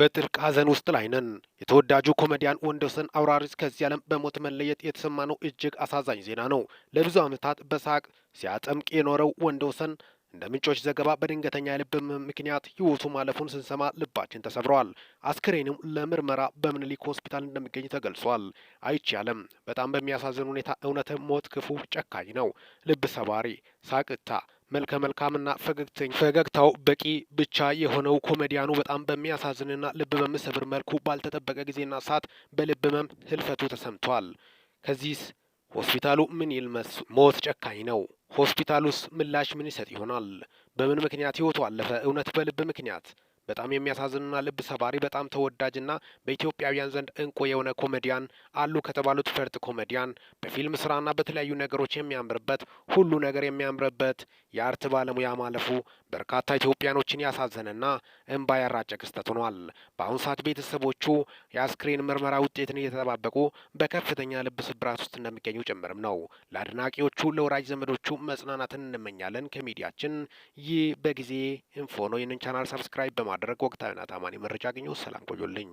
በጥልቅ ሐዘን ውስጥ ላይ ነን። የተወዳጁ ኮሜዲያን ወንደሰን አውራሪስ ከዚህ ዓለም በሞት መለየት የተሰማነው እጅግ አሳዛኝ ዜና ነው። ለብዙ ዓመታት በሳቅ ሲያጠምቅ የኖረው ወንደሰን እንደ ምንጮች ዘገባ በድንገተኛ የልብ ምክንያት ሕይወቱ ማለፉን ስንሰማ ልባችን ተሰብረዋል። አስክሬንም ለምርመራ በምኒልክ ሆስፒታል እንደሚገኝ ተገልጿል። አይቻለም። በጣም በሚያሳዝን ሁኔታ እውነት ሞት ክፉ ጨካኝ ነው። ልብ ሰባሪ ሳቅታ መልከ መልካምና ፈገግተኛ ፈገግታው በቂ ብቻ የሆነው ኮሜዲያኑ በጣም በሚያሳዝንና ልብ በምሰብር መልኩ ባልተጠበቀ ጊዜና ሰዓት በልብ ህመም ህልፈቱ ተሰምቷል። ከዚህስ ሆስፒታሉ ምን ይልመስ? ሞት ጨካኝ ነው። ሆስፒታሉስ ምላሽ ምን ይሰጥ ይሆናል? በምን ምክንያት ህይወቱ አለፈ? እውነት በልብ ምክንያት በጣም የሚያሳዝንና ልብ ሰባሪ በጣም ተወዳጅና በኢትዮጵያውያን ዘንድ እንቁ የሆነ ኮሜዲያን አሉ ከተባሉት ፈርጥ ኮሜዲያን በፊልም ስራና በተለያዩ ነገሮች የሚያምርበት ሁሉ ነገር የሚያምርበት የአርት ባለሙያ ማለፉ በርካታ ኢትዮጵያኖችን ያሳዘነና እንባ ያራጨ ክስተት ሆኗል። በአሁኑ ሰዓት ቤተሰቦቹ የአስክሬን ምርመራ ውጤትን እየተጠባበቁ በከፍተኛ ልብ ስብራት ውስጥ እንደሚገኙ ጭምርም ነው። ለአድናቂዎቹ ለወራጅ ዘመዶቹ መጽናናትን እንመኛለን። ከሚዲያችን ይህ በጊዜ ኢንፎ ነው። ይህንን ቻናል ሰብስክራይብ በማድረግ በማድረግ ወቅታዊና ታማኒ መረጃ አግኙ። ሰላም ቆዩልኝ።